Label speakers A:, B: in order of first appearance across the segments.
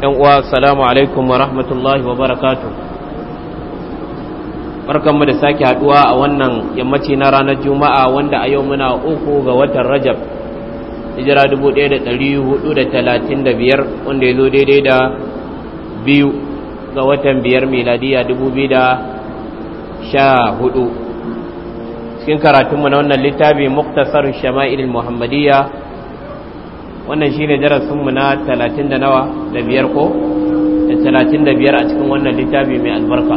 A: yan uwa assalamu alaikum wa rahmatullahi wa Barka mu da sake haduwa a wannan yammaci na ranar juma'a wanda a yau muna uku ga watan rajab hijira 1435 wanda ya zo daidai da biyu ga watan biyar miladiya 2014 cikin karatunmu na wannan littafi muktasar shama'il muhammadiyya wannan shine darasinmu na talatin da nawa da biyar ko da 35 a cikin wannan littafi mai albarka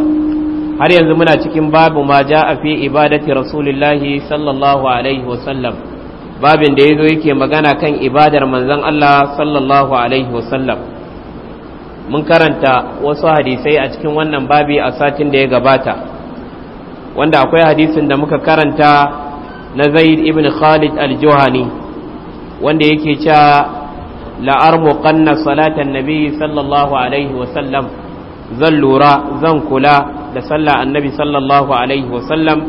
A: har yanzu muna cikin babu ma ja a fi ibadati rasulillahi sallallahu alaihi wasallam babin da yazo yake magana kan ibadar manzon Allah sallallahu alaihi wasallam mun karanta wasu hadisai a cikin wannan babi a satin da ya gabata wanda akwai hadisin da muka karanta na Zaid ibn Khalid al-Juhani wanda yake cewa la'ar muqanna salatan nabiyyi sallallahu alaihi wa sallam zan lura zan kula da sallah annabi sallallahu alaihi sallam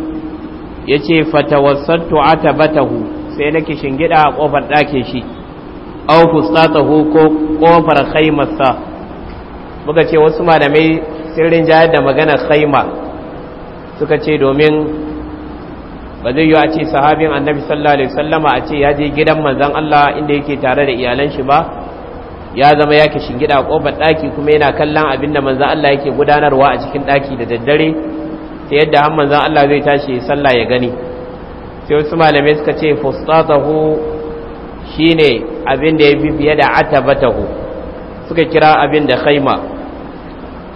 A: ya ce fatawassattu atabatahu sai nake shingida a kofar ɗakin shi au fustatahu ko kofar khaymasa muka ce wasu malamai sirrin jayar da magana khaima suka ce domin ba zai yi a ce sahabin annabi sallallahu alaihi wasallama a ce ya je gidan manzon Allah inda yake tare da iyalan shi ba ya zama yake shingida kofar daki kuma yana kallon abin da manzon Allah yake gudanarwa a cikin daki da daddare ta yadda har manzon Allah zai tashi sallah ya gani sai wasu malamai suka ce fustatahu shine abin da ya bi fiye da atabatahu suka kira abin da khaima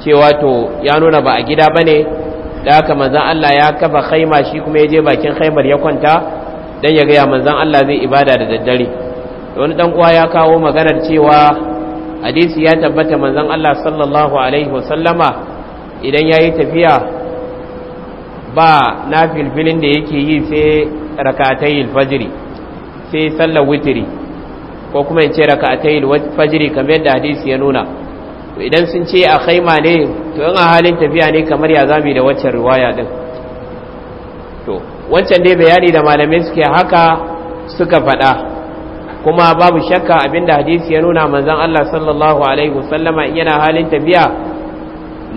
A: cewa to ya nuna ba a gida bane da haka manzan Allah ya kafa khaima shi kuma ya je bakin khaimar ya kwanta dan ya gaya manzan Allah zai ibada da daddare wani dan uwa ya kawo maganar cewa hadisi ya tabbata manzan Allah sallallahu alaihi wasallama idan yayi tafiya ba na filfilin da yake yi sai rakatayil fajiri sai sallar witiri ko kuma in ce rakatayil fajiri kamar yadda hadisi ya nuna to idan sun ce a khaima ne to in a halin tafiya ne kamar ya zami da waccan riwaya din to wancan dai bayani da malamai suke haka suka faɗa kuma babu shakka abinda hadisi ya nuna manzon Allah sallallahu alaihi wasallama yana halin tafiya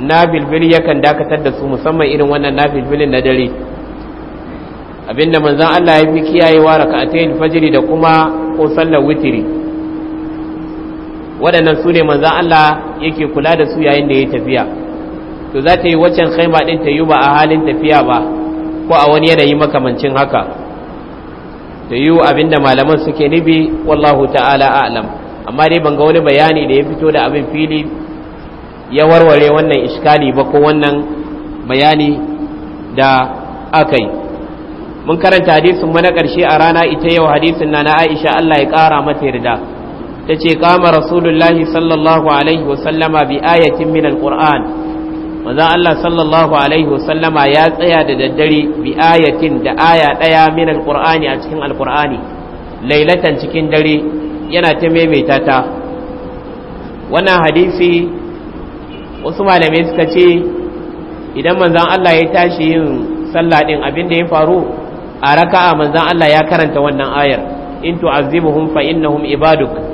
A: na yakan dakatar da su musamman irin wannan na na dare abinda manzon Allah ya fi kiyayewa raka'atayn fajiri da kuma ko sallar witiri waɗannan su ne manzan Allah yake kula da su yayin da ya tafiya to za ta yi waccan khaima ɗin ta yi ba a halin tafiya ba ko a wani yanayi makamancin haka ta yi abinda malaman suke nibi wallahu ta'ala a'lam amma dai ban ga wani bayani da ya fito da abin fili ya warware wannan iskali ba ko wannan bayani da aka yi mun karanta hadisin mana ƙarshe a rana ita yau hadisin na na aisha Allah ya ƙara mata yarda ta ce kama rasulullahi sallallahu alaihi wasallama bi ayatin min alquran manzon Allah sallallahu alaihi wasallama ya tsaya da daddare bi ayatin da aya daya min alqurani a cikin alqurani lailatan cikin dare yana ta maimaita ta wannan hadisi wasu malamai suka ce idan manzan Allah ya tashi yin sallah din da ya faru a raka'a manzan Allah ya karanta wannan ayar in tu'azzibuhum fa innahum ibaduk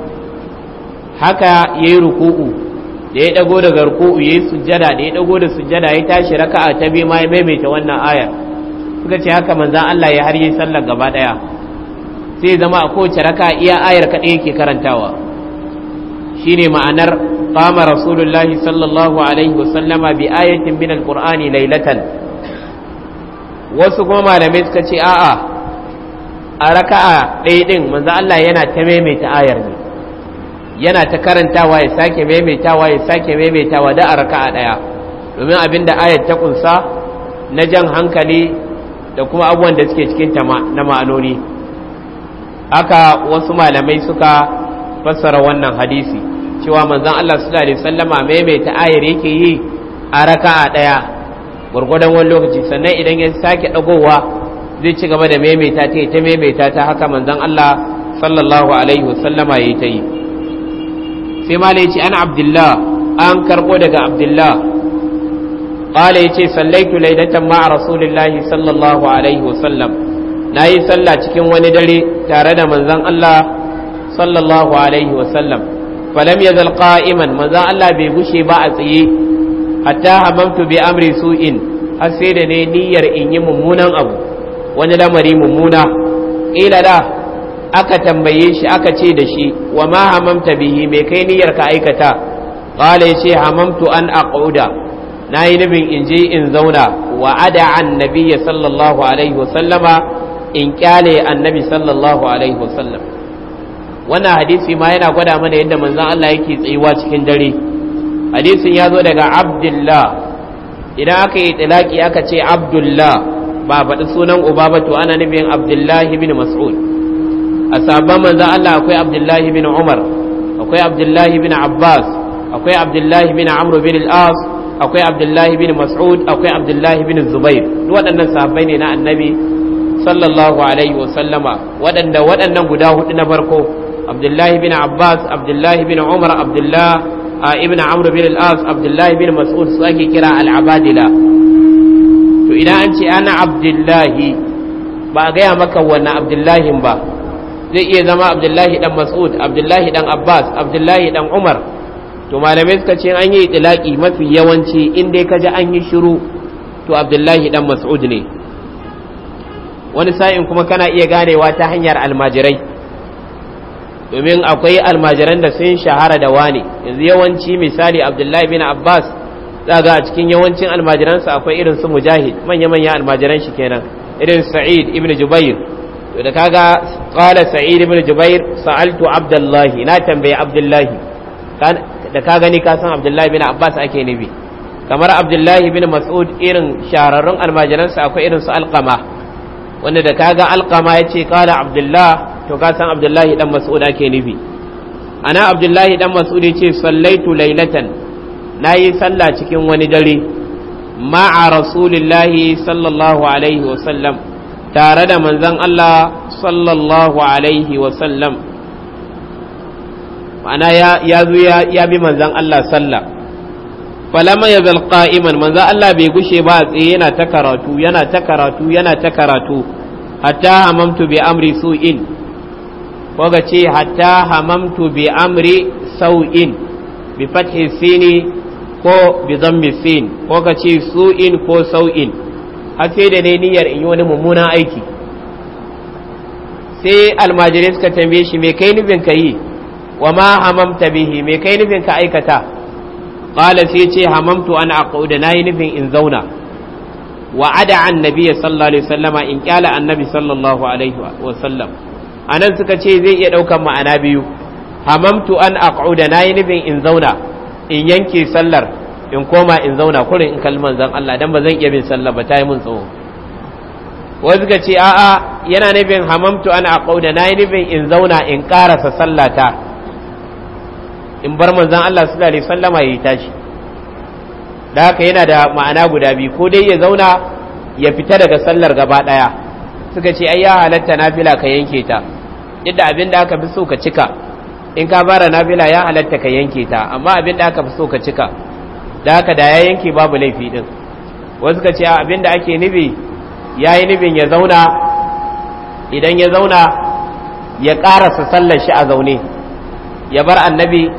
A: haka yayi ruku'u da ya dago daga ruku'u yayi sujjada da ya dago da sujjada ya tashi raka'a ta biyu ma ya maimaita wannan aya suka ce haka manzon Allah ya har yi sallar gaba daya sai zama a kowace raka'a iya ayar kaɗai yake karantawa shine ma'anar qama rasulullahi sallallahu alaihi wasallama bi ayatin min alqur'ani laylatan wasu kuma malamai suka ce a'a a raka'a ɗaya ɗin manzo Allah yana ta maimaita ayar ne yana ta karantawa ya sake maimaitawa ya sake maimaitawa da a raka'a daya domin abin da ayat ta kunsa na jan hankali da kuma abubuwan da suke cikin ta na ma'anoni haka wasu malamai suka fassara wannan hadisi cewa manzon Allah sallallahu alaihi wasallama maimaita ayar yake yi a raka'a daya gurgudan wani lokaci sannan idan ya sake dagowa zai ci gaba da maimaita ta ta maimaita ta haka manzon Allah sallallahu alaihi wasallama yayi ta yi sai mala ce ana abdullah an karbo daga abdullah qala yace sallaitu laylatan ma'a rasulillahi sallallahu alaihi wasallam nayi sallah cikin wani dare tare da manzan Allah sallallahu alaihi wasallam falam yazal iman manzon Allah bai gushe ba a tsaye hatta hamamtu bi amri su'in har sai da ne niyyar in yi mummunan abu wani lamari mummuna ila da aka tambaye shi aka ce da shi wa ma hamamta bihi mai kai niyyar ka aikata qala yace hamamtu an na nayi nufin in je in zauna wa ada an nabiyyi sallallahu alaihi wasallama in kyale annabi sallallahu alaihi wasallam wannan hadisi ma yana gwada mana yadda manzon Allah yake tsayuwa cikin dare hadisin ya zo daga abdullah idan aka yi tilaki aka ce abdullah ba faɗi sunan uba ba to ana nufin abdullahi bin mas'ud a sabon manzan Allah akwai abdullahi bin umar akwai abdullahi bin abbas akwai abdullahi bin amru bin Al-As akwai abdullahi bin mas'ud akwai abdullahi bin zubair waɗannan sahabbai ne na annabi sallallahu alaihi wa sallama waɗanda waɗannan guda hudu na farko abdullahi bin abbas abdullahi bin umar abdullahi ibn amr bin al-as abdullahi bin mas'ud su ake kira al-abadila to idan an ce ana abdullahi ba a gaya maka wannan abdullahin ba zai iya zama abdullahi dan mas'ud abdullahi dan abbas abdullahi dan umar to malamai suka ce an yi itilaki mafi yawanci in dai ka ji an yi shiru to abdullahi dan mas'ud ne wani sa'in kuma kana iya ganewa ta hanyar almajirai domin akwai almajiran da sun shahara da wani yanzu yawanci misali abdullahi bin abbas daga a cikin yawancin almajiransa akwai irin su mujahid manya-manya almajiran shi kenan irin sa'id ibn jubair to da kaga qala sa'id ibn jubair sa'altu abdullahi na tambaye abdullahi da ka gani ka san abdullahi bin abbas ake nabi kamar abdullahi bin mas'ud irin shahararrun almajiransa akwai irin su alqama wanda da kaga alqama yace qala abdullah to ka san abdullahi dan mas'ud ake nabi ana abdullahi dan mas'ud yace sallaitu laylatan nayi sallah cikin wani dare ma'a rasulillahi sallallahu alaihi wasallam tare da manzan Allah sallallahu alaihi wasallam ma'ana ya zo ya bi manzan Allah sallah falama ya zalƙa iman manzan Allah bai gushe ba a tsaye yana ta karatu yana ta karatu yana ta karatu hatta hamamtu bi amri su'in ko ga ce hatta hamamtu bi amri sau'in bi fathi sini ko bi dhammi sin ko ka ce su'in ko sau'in har sai da ne niyyar in yi wani mummunan aiki sai almajirai suka tambaye shi me kai nufin ka yi wa ma hamam ta bihi me kai nufin ka aikata qala sai ce hamamtu an aqau aquda nayi nufin in zauna wa ada an nabiyyi sallallahu alaihi wasallama in kyala annabi sallallahu alaihi wasallam anan suka ce zai iya daukan ma'ana biyu hamamtu an aqau aquda nayi nufin in zauna in yanke sallar in koma in zauna kurin in kalli zan Allah dan ba zan iya bin sallah ba tayi mun tsawo wai suka ce a'a yana nufin hamamtu ana aqauda nayi nufin in zauna in karasa sallata in bar manzon Allah sallallahu alaihi wasallama ya tashi da haka yana da ma'ana guda biyu ko dai ya zauna ya fita daga sallar gaba daya suka ce ai ya halatta nafila ka yanke ta yadda abin da aka fi so ka cika in ka bara nafila ya halatta ka yanke ta amma abin da aka fi so ka cika da haka da ya yanke babu laifi din wasu ka ce abin da ake nubi ya yi nufin ya zauna idan ya zauna ya ƙarasa sallar shi a zaune ya bar annabi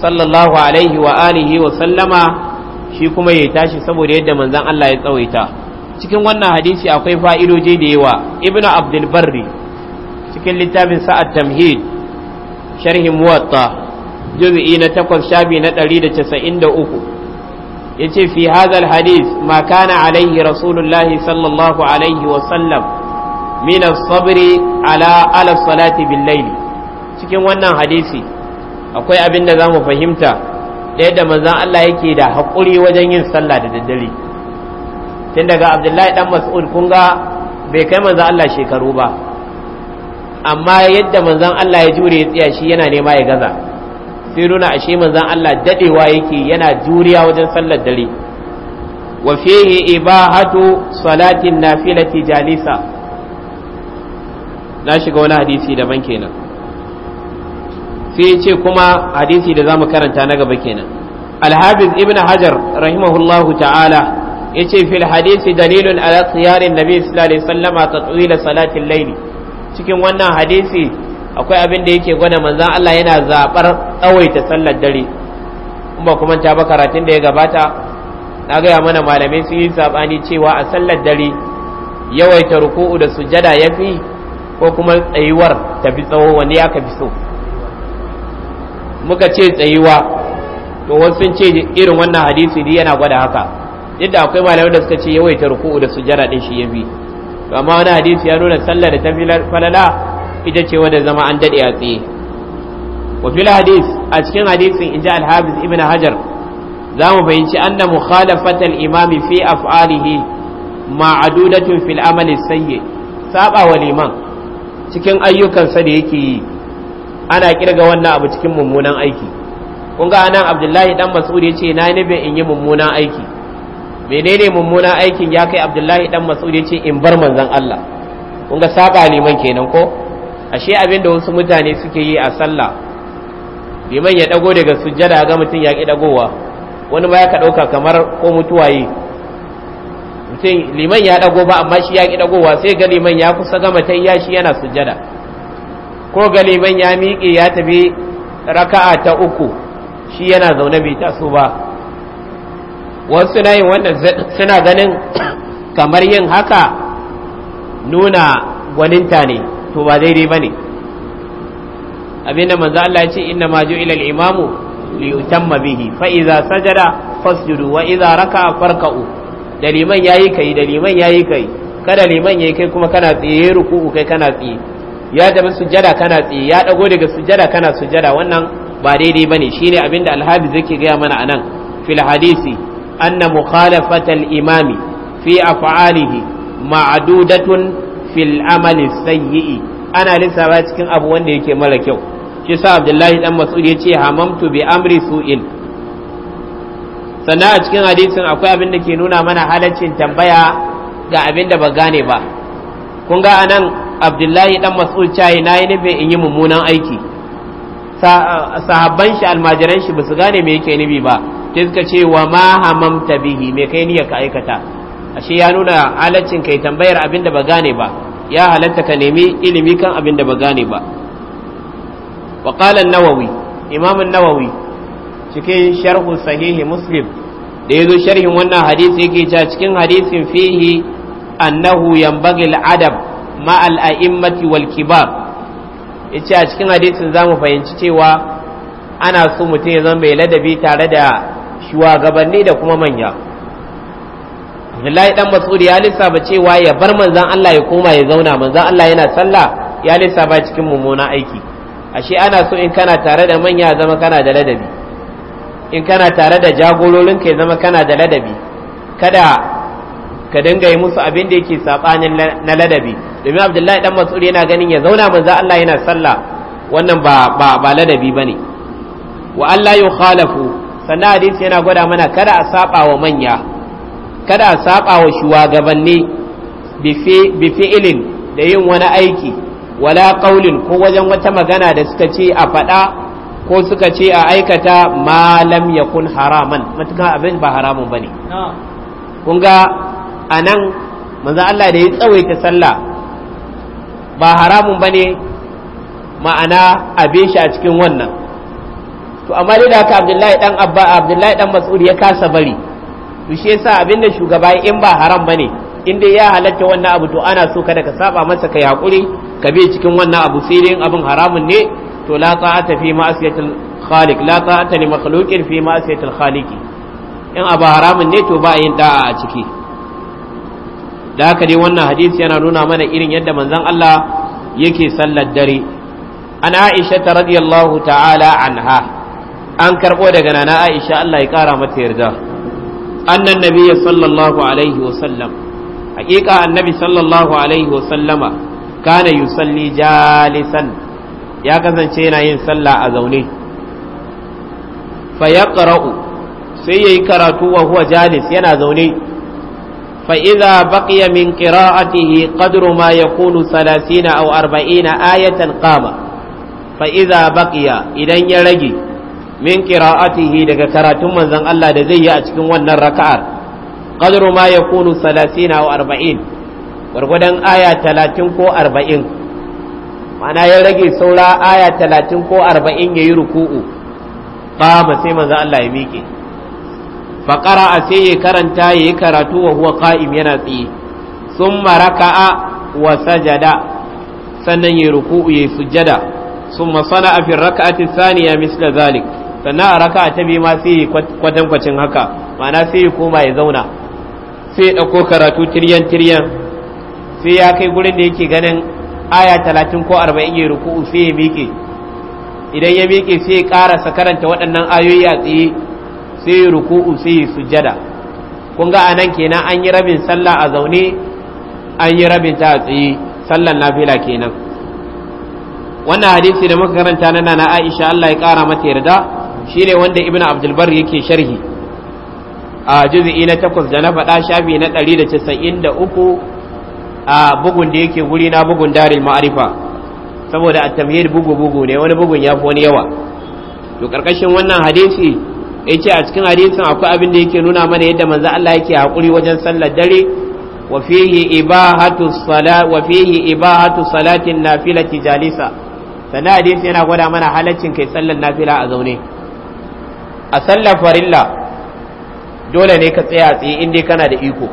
A: sallallahu alaihi wa alihi wa sallama shi kuma ya tashi saboda yadda manzan Allah ya tsawaita cikin wannan hadisi akwai fa'idoji da yawa ibnu abdul barri cikin littafin sa'ad tamhid sharhin muwatta juz'i na takwas shabi na ɗari da da uku. yace fi hadal hadith ma kana alaihi rasulullah sallallahu alaihi wa sallam min as-sabri ala ala salati bil layl cikin wannan hadisi akwai abin da zamu fahimta da yadda manzon Allah yake da hakuri wajen yin sallah da daddare tun daga Abdullahi dan Mas'ud kun ga bai kai manzon Allah shekaru ba amma yadda manzon Allah ya jure ya tsaya shi yana nema ya gaza sai nuna ashe manzon Allah dadewa yake yana juriya wajen sallar dare wa fihi ibahatu salatin nafilati jalisa na shiga wani hadisi daban kenan sai ce kuma hadisi da zamu karanta na gaba kenan alhabiz ibn hajar rahimahullahu ta'ala yace fil hadisi dalilun ala tsiyarin nabi sallallahu alaihi wasallama tatwila salatin layli cikin wannan hadisi akwai abin da yake gwada manzan Allah yana zaɓar tsawaita sallar dare in ba kuma ba karatun da ya gabata na gaya mana malamai sun yi saɓani cewa a sallar dare yawaita ruku'u da sujada ya fi ko kuma tsayuwar ta fi tsawo wani ya fi so muka ce tsayuwa to wasu ce irin wannan hadisi ne yana gwada haka yadda akwai malamai da suka ce yawaita ruku'u da sujada din shi ya fi amma wani hadisi ya nuna sallar da ta fi falala ita ce wadda zama an daɗe a tsaye wa hadis a cikin hadisin in ji alhabis ibn hajar za mu fahimci anna mukhalafata al-imami fi af'alihi ma'adudatun fil amali sayyi saba wa liman cikin ayyukansa da yake yi ana kirga wannan abu cikin mummunan aiki kun ga anan abdullahi dan mas'ud ce na ni in yi mummunan aiki menene mummunan aikin ya kai abdullahi dan mas'ud ce in bar manzon Allah kun ga saba liman kenan ko ashe abin da wasu mutane suke yi a sallah liman ya dago daga sujjada ga mutum ya ki dagowa wani ma ya ka dauka kamar ko mutuwa yi mutum liman ya dago ba amma shi ya ki dagowa sai ga liman ya kusa gama tayya shi yana sujjada ko ga liman ya miƙe ya tafi raka'a ta uku shi yana zaune bai taso ba wasu na yin wannan suna ganin kamar yin haka nuna gwaninta ne to ba daidai bane abinda manzo Allah ya ce inna ma ila al-imam li yutamma bihi fa idza sajada fasjudu wa idza raka'a farka'u da yayi kai da yayi kai kada liman yayi kai kuma kana tsiye ruku'u kai kana tsiye ya da sujjada kana tsiye ya dago daga sujjada kana sujada. wannan ba daidai bane shine abinda al-hafiz yake ga mana anan fil hadisi anna mukhalafatal imami fi af'alihi ma'dudatun fil amali sayyi ana lissafa cikin abu wanda yake mara kyau shi sa abdullahi dan mas'ud yace hamamtu bi amri su'il sannan a cikin hadisin akwai abin da ke nuna mana halaccin tambaya ga abin da ba gane ba kun ga anan abdullahi dan mas'ud cayi nayi nufin in yi mummunan aiki sahabban shi almajiran shi ba su gane me yake nufi ba sai suka ce wa ma hamamta bihi me kai niyyar ka aikata ashe ya nuna halaccin kai tambayar abinda da ba gane ba ya halatta ka nemi ilimi kan abin da ba gane ba wa qala an-nawawi imam an-nawawi cikin sharhu sahihi muslim da yazo sharhin wannan hadisi yake cewa cikin hadisin fihi annahu yanbaghi al-adab ma al-a'immati wal kibar yace a cikin hadisin zamu fahimci cewa ana so mutum ya zama mai ladabi tare da shugabanni da kuma manya Abdullahi dan Mas'ud ya lissafa cewa ya bar manzan Allah ya koma ya zauna manzan Allah yana sallah ya lissafa cikin mummunan aiki ashe ana so in kana tare da manya zama kana da ladabi in kana tare da jagororin ka zama kana da ladabi kada ka dinga yi musu abin da yake sabanin na ladabi domin Abdullahi dan mas'udi yana ganin ya zauna manzan Allah yana sallah wannan ba ba ba ladabi bane wa Allah yukhalafu sannan hadisi yana gwada mana kada a saba wa manya kada a saba wa shugabanni bi fi'ilin da yin wani aiki wala qaulin ko wajen wata magana da suka ce a faɗa ko suka ce a aikata malam yakun haraman matuka abin ba haramun bane kun ga anan manzo Allah da ya tsawaita sallah ba haramun bane ma'ana abin shi a cikin wannan to amma dai da haka Abdullahi dan Abba Abdullahi dan Mas'ud ya kasa bari to shi yasa da shugaba in ba haram bane in dai ya halatta wannan abu to ana so kada ka saba masa kai hakuri ka bi cikin wannan abu sai dai abin haramun ne to la ta'ata fi ma'siyatil khaliq la ta'ata li makhluqin fi ma'siyatil khaliq in abu haramun ne to ba yin da'a a ciki da haka dai wannan hadisi yana nuna mana irin yadda manzon Allah yake sallar dare an Aisha ta radiyallahu ta'ala anha an karbo daga nana Aisha Allah ya kara mata yarda annan nabiyya sallallahu alaihi wasallam hakika annabi sallallahu alaihi wasallama kana yusalli jalisan ya kasance yana yin sallah a zaune fa yaqra'u sai yayi karatu wa huwa jalis yana zaune fa idza baqiya min qira'atihi qadru ma yakunu 30 aw 40 ayatan kama? fa idza idan ya rage min qira'atihi daga karatun manzon Allah da zai yi a cikin wannan raka'ar qadru ma yakunu 30 aw 40 gurgudan aya 30 ko 40 mana ya rage saura aya 30 ko 40 yayi ruku'u ba sai manzon Allah ya miƙe fa qara'a sai ya karanta yayi karatu wa huwa qa'im yana tsaye summa raka'a wa sajada sannan yayi ruku'u yayi sujjada ثم صنع في الركعة الثانية مثل ذلك sannan a raka ta biyu ma sai yi kwatankwacin haka ma'ana sai ya koma ya zauna sai ya ɗauko karatu tiryan tiryan sai ya kai gurin da yake ganin aya talatin ko arba'in ya ruku'u sai ya miƙe idan ya miƙe sai ya ƙarasa karanta waɗannan ayoyi a tsaye sai ya ruku'u sai ya sujada kun ga anan kenan an yi rabin sallah a zaune an yi rabin ta a tsaye sallan nafila kenan wannan hadisi da muka karanta na Aisha Allah ya kara mata yarda Shi ne wanda Ibn abdulbar yake sharhi a juz'i na takwas da na faɗa shafi na 193 a bugun da yake guri na bugun darin ma'arifa saboda a tamhid bugu bugu ne wani bugun ya fi wani yawa to karkashin wannan hadisi ya ce a cikin hadisin akwai abin da yake nuna mana yadda manzo Allah yake haƙuri wajen sallar dare wa fihi ibahatu salat wa fihi ibahatu salatin jalisa sannan hadisi yana gwada mana halaccin kai sallar nafila a zaune a sallar farilla dole ne ka tsaya a tsaye in dai kana da iko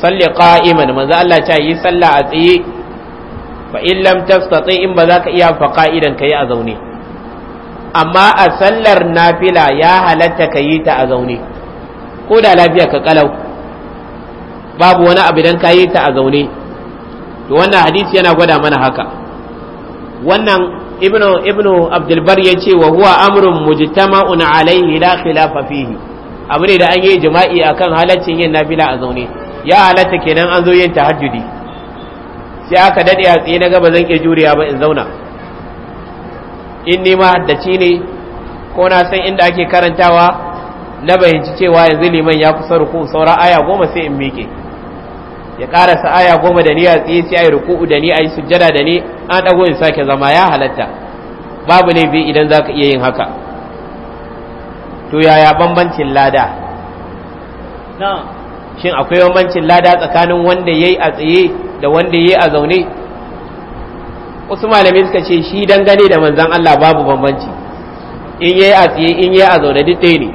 A: salli qa'iman manzo Allah ya yi sallah a tsaye fa in lam tastati in ba za ka iya fa qa'idan kai a zaune amma a sallar nafila ya halatta ka yi ta a zaune ko da lafiya ka kalau babu wani abu dan ka yi ta a zaune to wannan hadisi yana gwada mana haka wannan ibnu ibnu abdul bar yace wa huwa amrun mujtama'un alaihi la khilafa fihi abu ne da an yi jima'i akan halaccin yin nafila a zaune ya halatta kenan an zo yin tahajjudi sai aka dade a tsaye na gaba zan iya juriya ba in zauna in ni ma ne ko na san inda ake karantawa na bayyanci cewa yanzu liman ya kusa ruku saura aya goma sai in miƙe ya karasa aya goma da ni a tsaye sai ayi ruku'u da ni ayi sujjada da ni an dago in sake zama ya halatta babu laifi idan zaka iya yin haka to yaya bambancin lada shin akwai bambancin lada tsakanin wanda yayi a tsaye da wanda yayi a zaune wasu malami suka ce shi dangane da manzon Allah babu bambanci in yayi a tsaye in yayi a zaune duk ɗaya ne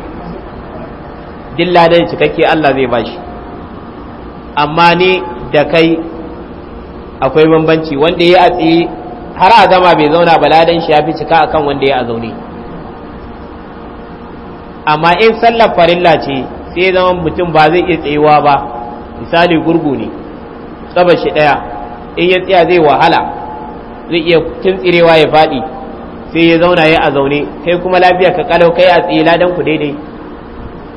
A: din ladan cikakke Allah zai bashi amma ni da kai akwai bambanci wanda ya a tsaye har a zama bai zauna baladan shi ya fi cika akan wanda ya a zaune amma in sallar farilla ce sai zama mutum ba zai iya tsayewa ba misali gurgu ne tsabar shi ɗaya in ya tsaya zai wahala zai iya tsirewa ya faɗi sai ya zauna ya a zaune kai kuma lafiya ka kalau kai a tsaye ladan ku daidai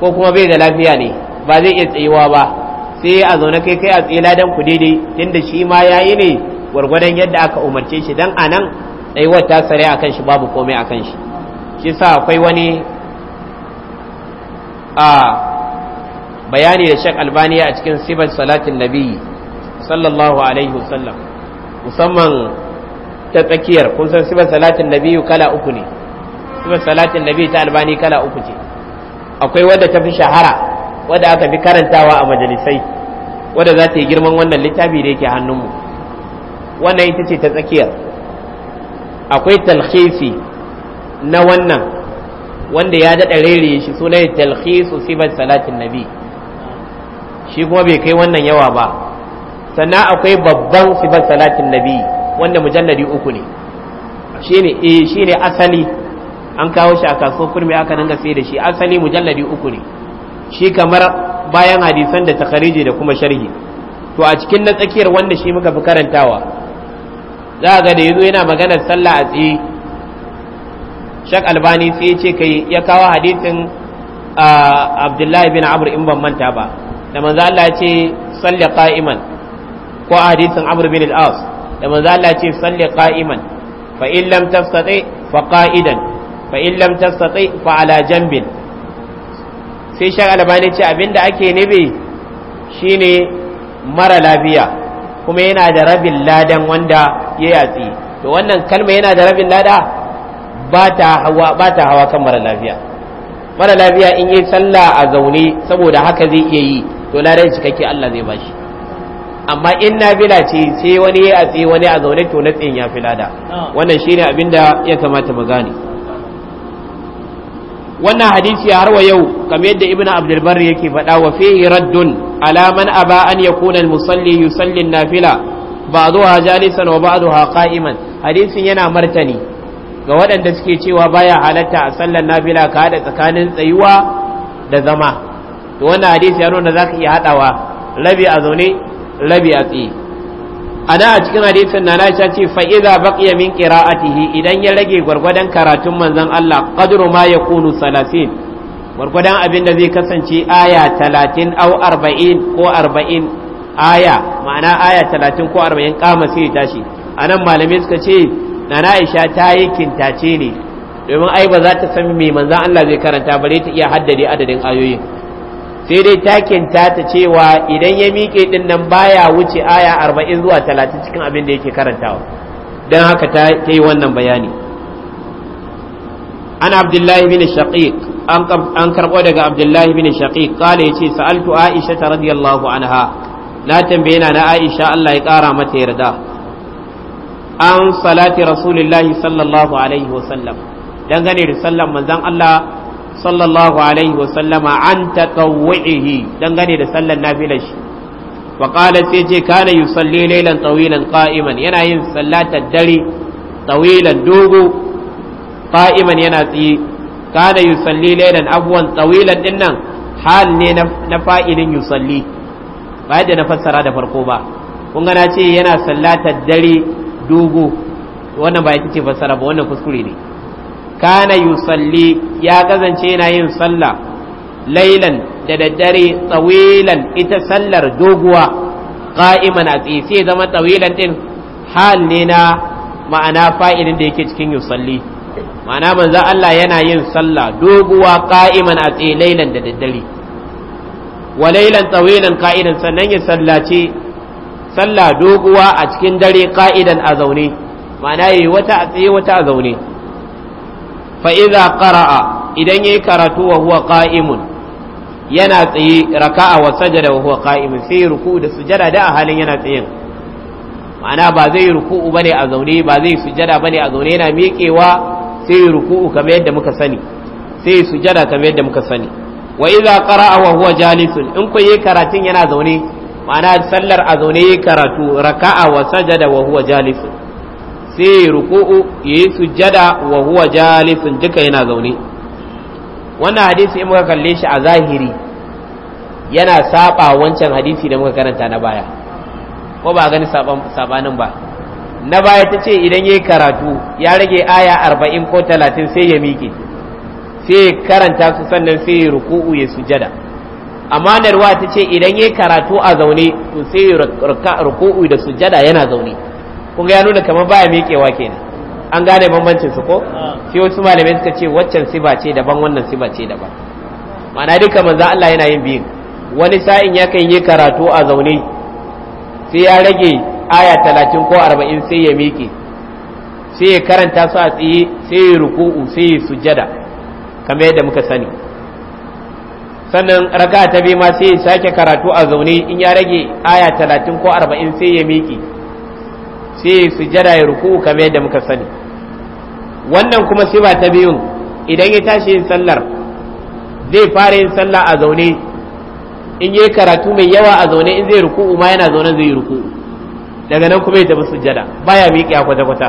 A: ko kuma bai da lafiya ne ba zai iya tsayewa ba sai a zaune kai kai a tsela dan ku daidai tunda shi ma ya yi ne gwargwadon yadda aka umarce shi dan nan, tsayuwar ta sare kan shi babu komai kan shi shi sa akwai wani a bayani da shek Albani a cikin sibar salatin nabi sallallahu alaihi wasallam musamman ta tsakiyar kun san sibar salatin nabi kala uku ne sibar salatin nabi ta Albani kala uku ce akwai wadda ta fi shahara wadda aka fi karantawa a majalisai wadda za ta yi girman wannan littafi da yake hannunmu wannan ita ce ta tsakiyar akwai talhisi na wannan wanda ya daɗa rere shi sunan talhisu sibar salatin nabi shi kuma bai kai wannan yawa ba sannan akwai babban sibar salatin nabi wanda mujalladi uku ne eh, shi ne asali an kawo shi a kasuwar kurmi aka dinga sai da shi asali mujalladi uku ne shi kamar bayan hadisan da takhariji da kuma sharhi to a cikin na tsakiyar wanda shi muka fi karantawa za ga da yazo yana maganar sallah a tsaye shak albani sai ya ce kai ya kawo hadisin abdullahi bin amr in ban manta ba da manzo Allah ya ce salli qa'iman ko hadisin amr bin al-as da manzo Allah ya ce salli qa'iman fa in lam tastati fa qa'idan fa in lam tastati fa ala janbin sai shan albani ce abinda ake shi shine mara lafiya kuma yana da rabin ladan wanda ya yatsi to wannan kalma yana da rabin lada ba ta hawa kan mara lafiya mara lafiya in yi sallah a zaune saboda haka zai iya yi to ladan cikakke Allah zai ba shi amma in na bila ce sai wani ya yatsi wani a zaune to na tsin ya fi lada ah. wannan shine abinda ya kamata mu gane wannan hadisi har wa yau kamar yadda ibn abdulbar yake faɗa wa fihi raddun ala man aba an yakuna al-musalli yusalli nafila ba'daha jalisan wa ba'daha qa'iman hadisin yana martani ga waɗanda suke cewa baya halatta a sallar nafila ka hada tsakanin tsayuwa da zama to wannan hadisi ya nuna zaka iya hadawa labi a zaune labi a tsaye ana a cikin hadisin na Aisha ce fa idza baqiya min qira'atihi idan ya rage gwargwadon karatun manzon Allah qadru ma yakunu 30 gwargwadon abin da zai kasance aya 30 au 40 ko 40 aya ma'ana aya 30 ko 40 kama sai tashi anan malamai suka ce na Aisha ta yi kintace ne domin ai ba za ta san me manzon Allah zai karanta bare ta iya haddade adadin ayoyin sai dai takin ta ta cewa idan ya miƙe din nan baya wuce aya arba'in zuwa talatin cikin abin da yake karantawa don haka ta yi wannan bayani an abdullahi bin shaqiq an karɓo daga abdullahi bin shaqiq kala ya ce sa'altu aisha ta radiyallahu anha na tambaye na na aisha allah ya ƙara mata yarda an salati rasulullahi sallallahu alaihi wasallam dangane da sallan manzon allah sallallahu alaihi wa sallama an tatawwihi dangane da sallar nafilar shi wa qala sai ce kana yusalli laylan tawilan qa'iman yana yin sallatar dare tawilan dogo qa'iman yana tsiye kana yusalli laylan abwan tawilan dinnan hal ne na fa'ilin yusalli ba yadda na fassara da farko ba kun ga na ce yana sallatar dare dogo wannan ba ita ce fassara ba wannan kuskure ne kana yusalli ya kazance yana yin sallah lailan da daddare tsawilan ita sallar doguwa qa'iman a sai zama tsawilan din hal ne na ma'ana fa'idin da yake cikin yusalli ma'ana manzo Allah yana yin sallah doguwa qa'iman a tsaye lailan da daddare wa lailan tsawilan qa'idan sannan ya sallace sallah doguwa a cikin dare qa'idan a zaune ma'ana yi wata a tsaye wata a zaune fa idza qara'a idan yayi karatu wa huwa qa'imun yana tsaye raka'a wa sajada wa huwa qa'imun sai ruku'u da sujada da halin yana tsayin ma'ana ba zai ruku'u bane a zaune ba zai sujada bane a zaune yana miƙewa sai ruku'u kamar yadda muka sani sai sujada kamar yadda muka sani wa idza qara'a wa huwa jalisun in ko yayi karatun yana zaune ma'ana sallar a zaune yayi karatu raka'a wa sajada wa huwa jalisun sai ya ruku'u ya yi sujjada wa huwa jalisun duka yana zaune wannan hadisi in muka kalle shi a zahiri yana saba wancan hadisi da muka karanta na baya ko ba gani sabanin ba na baya ta ce idan ya yi karatu ya rage aya arba'in ko talatin sai ya miƙe sai ya karanta su sannan sai ya ruku'u ya sujjada amma narwa ta ce idan ya yi karatu a zaune to sai ya ruku'u da sujjada yana zaune kun ga ya nuna kamar baya miƙewa kenan an gane bambancin su ko sai wasu malamai suka ce waccan siba ce daban wannan siba ce daban ma'ana duka manzo Allah yana yin biyu wani sa'in ya kan yi karatu a zaune sai ya rage aya talatin ko arba'in sai ya miƙe sai ya karanta su a tsaye sai ya ruku'u sai ya sujjada kamar yadda muka sani sannan raka ta biyu ma sai ya sake karatu a zaune in ya rage aya talatin ko arba'in sai ya miƙe sai sujjada ya ruku kamar yadda muka sani wannan kuma siba ta biyun idan ya tashi yin sallar zai fara yin sallah a zaune in yi karatu mai yawa a zaune in zai ruku ma yana zaune zai yi ruku daga nan kuma ya tafi sujjada baya miƙe a kwata-kwata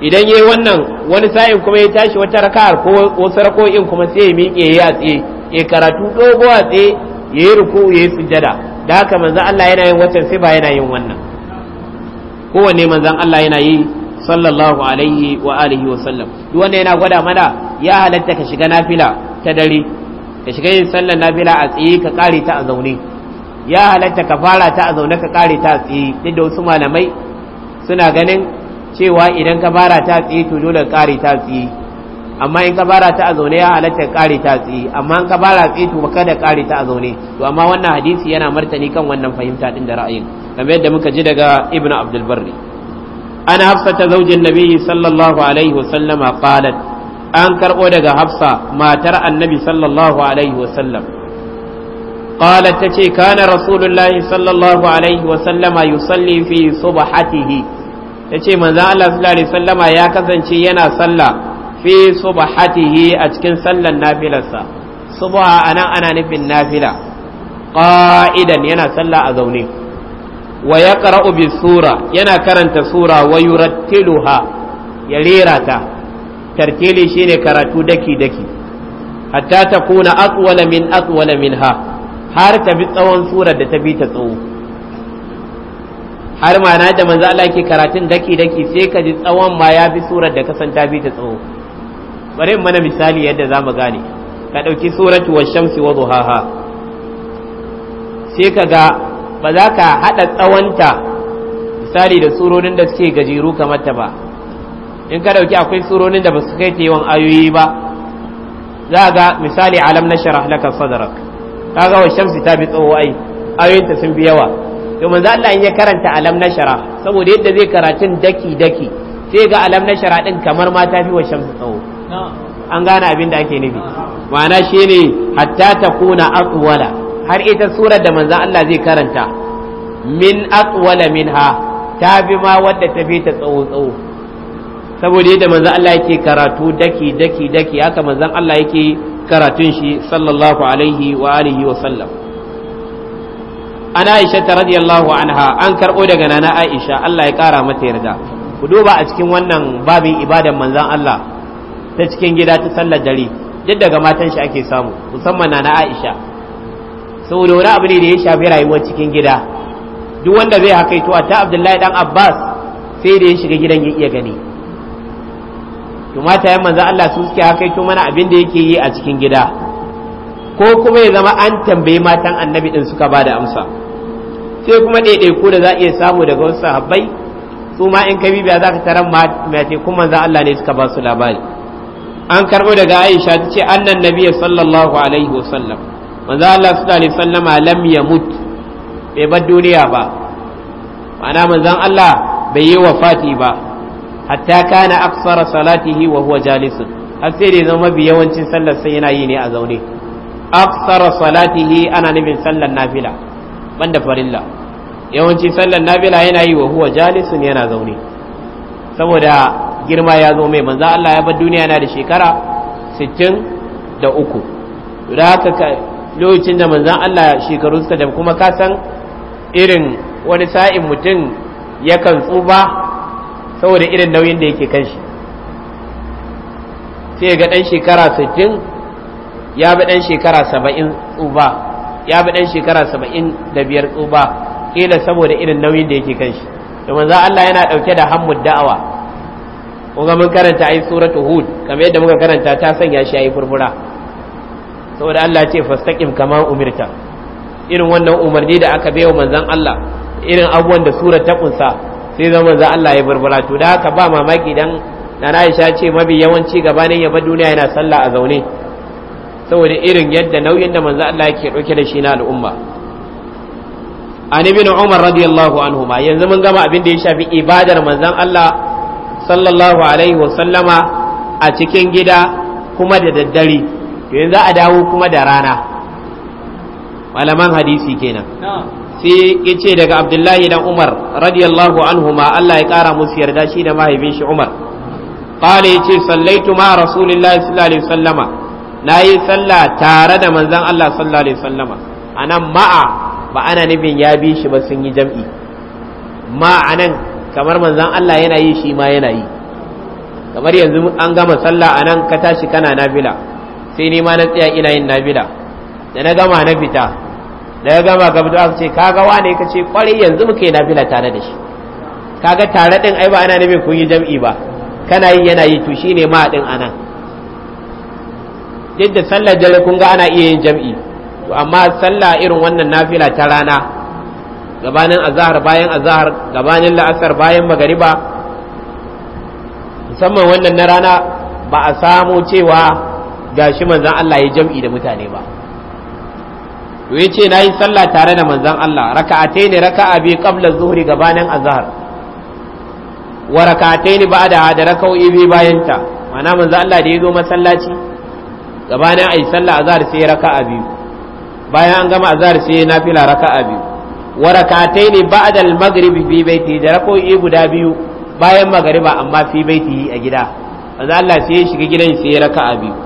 A: idan yi wannan wani sa'in kuma ya tashi wata raka'ar ko wasu rako'in kuma sai ya miƙe ya a tsaye ya karatu dogo a tsaye ya yi ruku ya yi sujada, da haka manzo Allah yana yin watan sai ba yana yin wannan kowanne manzan Allah yana yi sallallahu alaihi wa alihi wa sallam duk wanda yana gwada mana ya halatta ka shiga nafila ta dare ka shiga yin sallar nafila a tsaye ka kare ta a zaune ya halatta ka fara ta a zaune ka kare ta a tsaye duk da wasu malamai suna ganin cewa idan ka fara ta tsaye to dole ka kare ta tsaye amma in ka fara ta a zaune ya halatta ka kare ta a tsi amma in ka a tsi to ka da kare ta a zaune to amma wannan hadisi yana martani kan wannan fahimta din da ra'ayin kamar yadda muka ji daga ibn abdul barri ana hafsa ta zaujin nabi sallallahu alaihi wasallam qalat an karbo daga hafsa matar annabi sallallahu alaihi wasallam qalat tace kana rasulullahi sallallahu alaihi wasallama yusalli fi subhatihi tace manzo Allah sallallahu alaihi wasallama ya kasance yana sallah fi subhatihi a cikin sallan nafilarsa subha anan ana nufin nafila qa'idan yana sallah a zaune wa ya ƙara'u sura yana karanta sura wa ha ya rera ta tartili shine karatu daki daki hatta ta kuna atwala min atwala ha har ta bi tsawon sura da ta bi ta tsawo har ma na da manza Allah ke karatun daki daki sai ka ji tsawon ma ya bi surar da kasan ta bi ta tsawo bari mana misali yadda zamu gane ka ɗauki suratu wa shamsi wa duhaha sai ka ga ba za ka haɗa tsawonta misali da tsoronin da suke gajeru kamar ta ba in ka ɗauki akwai tsoronin da ba su kai yawan ayoyi ba za ga misali alam na sharah laka ka ga wa shamsi ta bi tsawo ai ayoyinta sun bi yawa to manzo Allah in ya karanta alam na shara saboda yadda zai karatun daki daki sai ga alam na shara din kamar ma ta fi wa shamsi tsawo an gane abin da ake nufi ma'ana shine hatta takuna aqwala har ita surar da manzan Allah zai karanta min aqwala minha ta bi ma wadda ta bi ta tsawo tsawo saboda yadda manzan Allah yake karatu daki daki daki haka manzan Allah yake karatun shi sallallahu alaihi wa alihi wa sallam ana Aisha ta radiyallahu anha an karbo daga nana Aisha Allah ya kara mata yarda ku duba a cikin wannan babin ibadan manzan Allah ta cikin gida ta sallar dare yadda ga matan shi ake samu musamman Nana Aisha saboda wani abu ne da ya shafi rayuwar cikin gida duk wanda zai haka to ta abdullahi dan abbas sai da ya shiga gidan ya iya gani to mata yan manzo Allah su suke haka to mana abin da yake yi a cikin gida ko kuma ya zama an tambayi matan annabi din suka ba da amsa sai kuma ko da za a iya samu daga wasu sahabbai su ma in ka bibiya za ka taran kuma manzo Allah ne suka ba su labari an karɓo daga Aisha ta ce annan nabiya sallallahu alaihi wasallam manzo Allah sallallahu alaihi wasallama lam yamut bai bar duniya ba ma'ana manzo Allah bai yi wafati ba hatta kana aksara salatihi wa huwa jalisun har sai da zama bi yawancin sallar sai yana yi ne a zaune aksara salatihi ana nufin sallar nafila banda farilla yawancin sallar nafila yana yi wa huwa jalisun yana zaune saboda girma ya zo mai manzo Allah ya bar duniya yana da shekara uku da haka lokacin da manzan Allah shekaru suka tafi kuma ka san irin wani sa'in mutum yakan tsuba saboda irin nauyin da yake kan shi sai ga ɗan shekara 60 ya bi ɗan shekara 70 tsuba ya bi ɗan shekara 75 tsuba, kila saboda irin nauyin da yake kan shi da manzan Allah yana ɗauke da hammud da'awa kuma mun karanta ai tsoratu hud kamar yadda muka karanta ta sanya shi ayi furfura saboda Allah ce fastaqim kama umirta irin wannan umarni da aka bayo manzon Allah irin abubuwan da sura ta kunsa sai zama manzon Allah ya burbura to da haka ba mamaki dan Nana Aisha ce mabi yawanci gabanin ya bar duniya yana sallah a zaune saboda irin yadda nauyin da manzon Allah yake dauke da shi na al'umma an ibn umar radiyallahu anhuma yanzu mun gama abin da ya shafi ibadar manzon Allah sallallahu alaihi wa sallama a cikin gida kuma da daddare to yanzu a dawo kuma da rana malaman hadisi kenan sai ya ce daga abdullahi dan umar radiyallahu anhuma allah ya kara musu yarda shi da mahaifin shi umar qala yace sallaitu ma rasulillahi sallallahu alaihi wasallama nayi sallah tare da manzon allah sallallahu alaihi wasallama anan ma'a ba ana nufin ya bi shi ba sun yi jam'i ma anan kamar manzon allah yana yi shi ma yana yi kamar yanzu an gama sallah anan ka tashi kana nafila sai ni ma na tsaya ina yin nabila da na gama na fita da ya gama ga aka ce kaga wane ka ce kwarai yanzu muke nabila tare da shi kaga tare din ai ba ana nabi kun yi jam'i ba kana yi yana yi to shine ma din anan duk da sallar dare kun ga ana iya yin jam'i to amma sallah irin wannan nafila ta rana gabanin azahar bayan azahar gabanin la'asar bayan magariba musamman wannan na rana ba a samu cewa gashi manzan Allah ya jam'i da mutane ba to yace yi sallah tare da manzan Allah raka'atai ne raka'a bi qabla zuhri gabanin azhar wa raka'atai ne ba'da da raka'o'i bi bayan ta mana manzan Allah da ya zo masallaci gabanin yi sallah azhar sai raka'a biyu bayan an gama azhar sai nafila raka'a biyu wa raka'atai ne ba'da al-maghrib bi baiti da raka'o'i guda biyu bayan magariba amma fi baiti a gida manzan Allah sai ya shiga gidan sai ya raka'a biyu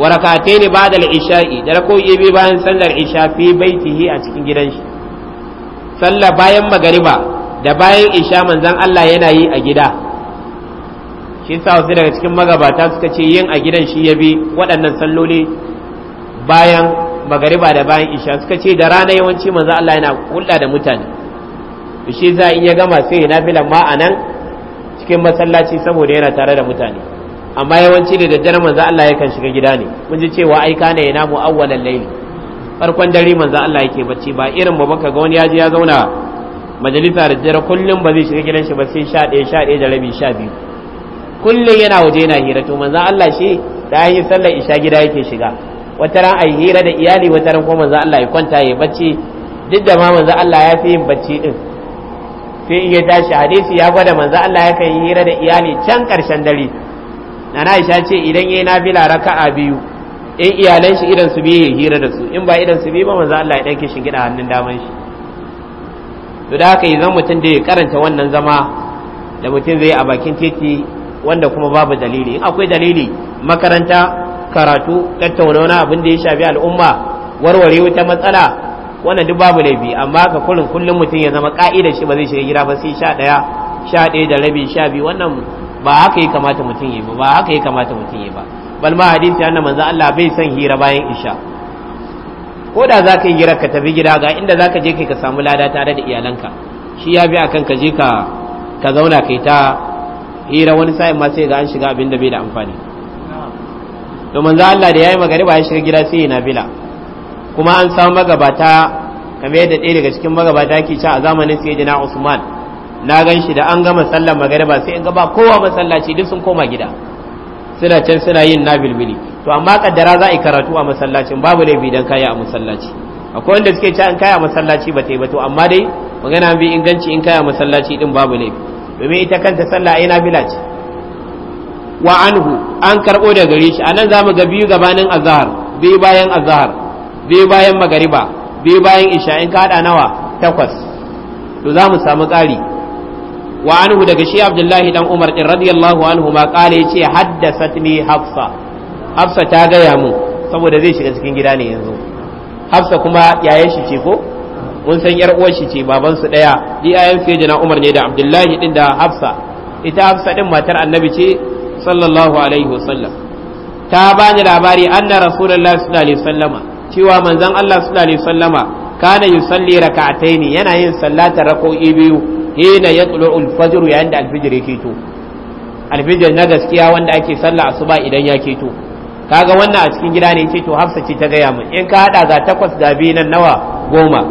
A: wa ne ba da ishai da rakoyi bi bayan sallar isha fi baitihi a cikin gidan shi sallah bayan magariba da bayan isha manzan Allah yana yi a gida shi sa wasu daga cikin magabata suka ce yin a gidan shi ya bi waɗannan salloli bayan magariba da bayan isha suka ce da rana yawanci manzan Allah yana hulɗa da mutane shi za in ya gama sai ya nafila ma a nan cikin masallaci saboda yana tare da mutane amma yawanci da daddare manzo Allah yakan shiga gida ne mun ji cewa ai kana yana mu awwalan layli farkon dare manzo Allah yake bacci ba irin mu baka ga wani yaji ya zauna majalisa da daddare kullum ba zai shiga gidan shi ba sai 11 11 da rabi 12 kullum yana waje yana hira to manzo Allah shi da yi sallar isha gida yake shiga wata ran ai hira da iyali wata ran kuma manzo Allah ya kwanta ya bacci duk da ma manzo Allah ya fi yin bacci din sai iya tashi hadisi ya gwada manzo Allah ya yi hira da iyali can karshen dare na Aisha ce idan yayi nafila raka'a biyu in iyalan shi idan su biye hira da su in ba idan su biye ba manzo Allah ya dauke shi gida hannun daman shi to da haka idan mutum da ya karanta wannan zama da mutum zai a bakin titi wanda kuma babu dalili in akwai dalili makaranta karatu tattaunawa abin da ya shafi al'umma warware wata matsala wannan duk babu laifi amma ka kullum kullum mutum ya zama ka'idar shi ba zai shiga gida ba sai sha ɗaya sha ɗaya da rabi sha biyu wannan ba haka ya kamata mutum yi ba ba haka ya kamata mutum yi ba bal ma hadisi annabi manzo Allah bai san hira bayan isha ko da zaka yi hira ka tafi gida ga inda zaka je kai ka samu lada tare da iyalanka shi ya bi akan ka je ka ka zauna kai ta hira wani sai ma sai ga an shiga abinda bai da amfani to manzo Allah da yayi magariba ya shiga gida sai yana bila kuma an samu magabata kamar yadda ɗaya daga cikin magabata ke cewa a zamanin sayyidina Usman na gan shi da an ga sallar magariba sai in ga ba kowa masallaci duk sun koma gida suna can suna yin na bilbili to amma kaddara za a yi karatu a masallacin babu laifi dan kaya a masallaci akwai wanda suke ci an kaya a masallaci ba ta yi ba to amma dai magana bi inganci in kaya a masallaci din babu laifi domin ita kanta sallah ai nafila ce wa anhu an karbo da gare shi anan mu ga biyu gabanin azhar biyu bayan azhar biyu bayan magariba biyu bayan isha in ka hada nawa takwas to za mu samu ƙari wa anhu daga shi abdullahi dan umar din radiyallahu anhu ma ce haddasa haddathatni hafsa hafsa ta gaya mu saboda zai shiga cikin gida ne yanzu hafsa kuma yayan shi ce ko mun san yar uwar shi ce baban su daya di ayan na umar ne da abdullahi din da hafsa ita hafsa din matar annabi ce sallallahu alaihi wasallam ta bani labari anna rasulullahi sallallahu alaihi wasallama cewa manzon Allah sallallahu alaihi wasallama kana yusalli raka'ataini yana yin sallatar rak'o'i biyu hina ya tsulo alfajiru yayin da alfijir ya keto alfijir na gaskiya wanda ake sallah asuba idan ya keto kaga wannan a cikin gida ne ce hafsa ce ta gaya min in ka hada ga takwas da biyu nan nawa goma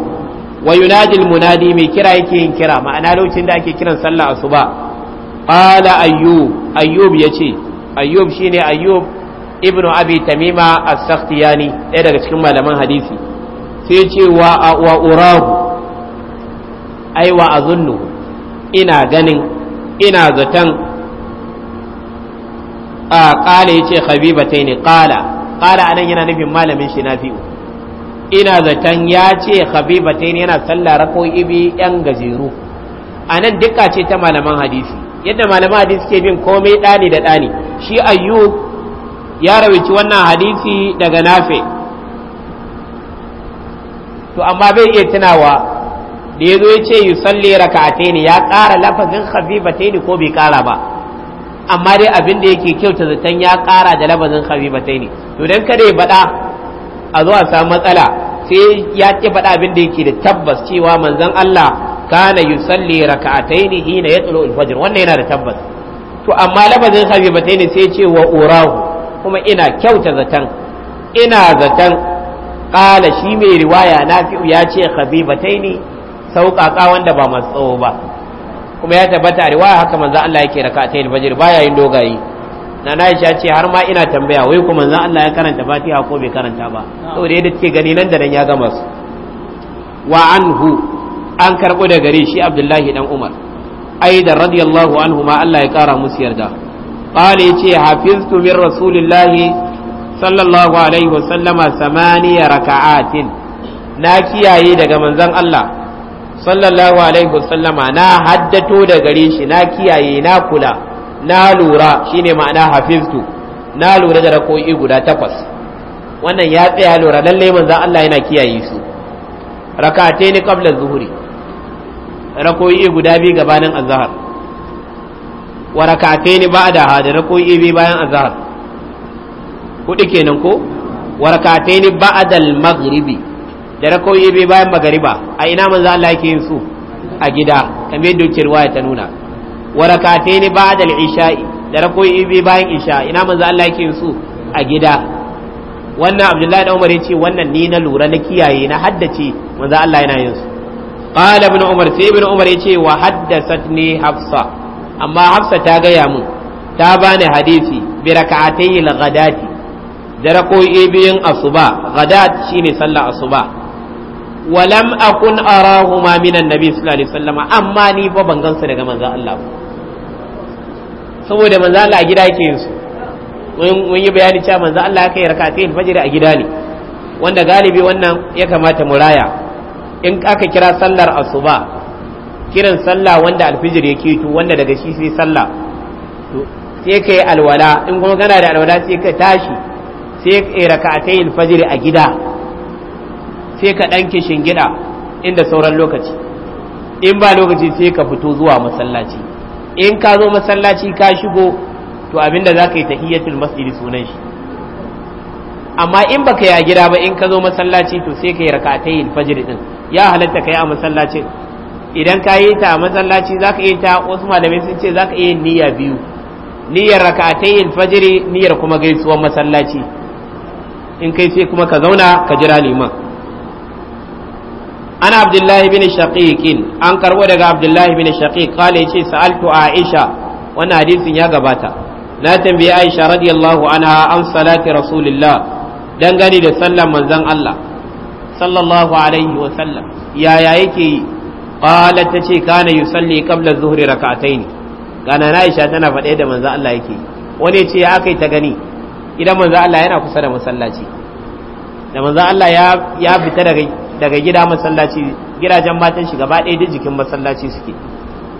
A: wa yunadi munadi mai kira yake yin kira ma'ana lokacin da ake kiran sallah suba qala ayyub ayyub yace ayyub shine ayyub ibnu abi tamima as-sakhtiyani ɗaya daga cikin malaman hadisi sai ce wa wa urahu aiwa azunnu ina ganin ina zaton a ƙala ya ce habibatai ne ƙala ƙala anan yana nufin malamin shi na fi'u ina zaton ya ce habibatai ne yana sallah rako ibi yan gajeru a nan duka ce ta malaman hadisi yadda malaman hadisi ke bin komai ɗani da ɗani shi ayyub ya rawici wannan hadisi daga nafe to amma bai iya tunawa da ya zo ya ce yusalli a ne ya ƙara lafazin khafifate ne ko bai ƙara ba amma dai abin da yake kyauta zaton ya ƙara da lafazin khafifate ne to dan kada ya faɗa a zo a samu matsala sai ya ce faɗa abin da yake da tabbas cewa manzon Allah kana yusalli raka'ataini hina ya tsoro fajr wannan yana da tabbas to amma lafazin khafifate ne sai ce wa urahu kuma ina kyauta zaton ina zaton ƙala shi mai riwaya nafi'u ya ce taini. sauƙaƙa wanda ba masu tsawo ba kuma ya tabbata a riwaya haka manzo Allah yake raka ta ba baya yin dogayi na na isha ce har ma ina tambaya wai kuma manzo Allah ya karanta Fatiha ko bai karanta ba saboda yadda take gani nan da nan ya gama su wa anhu an karbo da gari shi Abdullahi dan Umar aidan radiyallahu anhu ma Allah ya kara musu yarda qala yace hafiztu min rasulillahi sallallahu alaihi wasallama samaniya raka'atin na kiyaye daga manzon Allah sallallahu alaihi wasallama na haddato da gare shi na kiyaye na kula na lura shine ma'ana hafiztu na lura da rako'i guda takwas wannan ya tsaya lura lalle manzon Allah yana kiyaye su rakate ni qabla zuhuri rako'i guda bi gabanin azhar wa rakate ni ba'da hada rako'i bi bayan azhar hudu kenan ko wa rak'ataini ba'da al-maghribi da rakoyi bai bayan magariba a ina manzo Allah yake yin su a gida kamar yadda yake riwaya ta nuna wa rakataini ba'da al-isha'i da rakoyi bai bayan isha ina manzo Allah yake yin su a gida wannan Abdullahi da Umar yace wannan ni na lura na kiyaye na haddace manzo Allah yana yin su qala ibn Umar sai ibn Umar yace wa haddathatni Hafsa amma Hafsa ta gaya mun ta bani hadisi bi rak'atayil ghadati da rakoyi biyun asuba ghadat shine sallar asuba walam akun arahuma minan nabi sallallahu alaihi wasallam amma ni fa ban gansu daga manzo Allah saboda manzo Allah a gida yake yin su mun yi bayani cewa manzo Allah kai in fajiri a gida ne wanda galibi wannan ya kamata mu raya in aka kira sallar asuba kiran sallah wanda alfijir yake to wanda daga shi sai sallah sai kai alwala in kuma kana da alwala sai ka tashi sai kai rak'atayn fajr a gida sai ka ɗan shingida inda sauran lokaci in ba lokaci sai ka fito zuwa masallaci in ka zo masallaci ka shigo to abinda za ka yi tahiyyatul masjidi sunan shi amma in baka ya gida ba in ka zo masallaci to sai ka yi rakatayin fajr din ya halatta ka yi a masallacin idan ka yi ta a masallaci za ka yi ta wasu malamai sun ce za ka iya niyya biyu niyyar rakatayin fajiri niyyar kuma gaisuwar masallaci in kai sai kuma ka zauna ka jira liman ana abdullahi bin shaqiqin an karbo daga abdullahi bin shaqiq kale yace a aisha wannan hadisin ya gabata na tambayi aisha radiyallahu anha an salati rasulillah dangane da sallan manzon Allah sallallahu alaihi wa sallam yaya yake yi qalat tace kana yusalli qabla zuhri rak'atayn kana aisha tana faɗe da manzon Allah yake wani ce ya akai ta gani idan manzon Allah yana kusa da masallaci da manzon Allah ya fita daga daga gida masallaci gidajen matan shi gaba ɗaya duk jikin masallaci suke